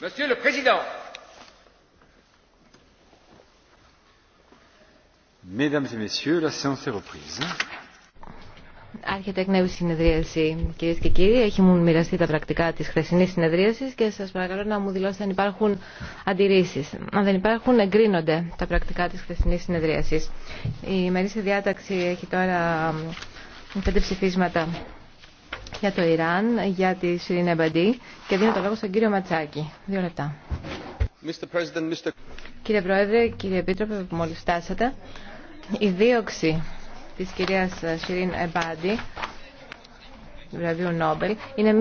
Monsieur le Président, Mesdames et Messieurs, la séance est reprise. Άρχεται εκ νέου συνεδρίαση, κυρίε και κύριοι. Έχει μου μοιραστεί τα πρακτικά τη χθεσινή συνεδρίαση και σα παρακαλώ να μου δηλώσετε αν υπάρχουν αντιρρήσει. Αν δεν υπάρχουν, εγκρίνονται τα πρακτικά τη χθεσινή συνεδρίαση. Η ημερήσια διάταξη έχει τώρα πέντε ψηφίσματα για το Ιράν, για τη Σιρήν Εμπαντή και δίνω το λόγο στον κύριο Ματσάκη. Δύο λεπτά. Κύριε Πρόεδρε, κύριε Επίτροπε που μόλι φτάσατε, η δίωξη τη κυρία Σιρήν Εμπάντη, βραβείου Νόμπελ, είναι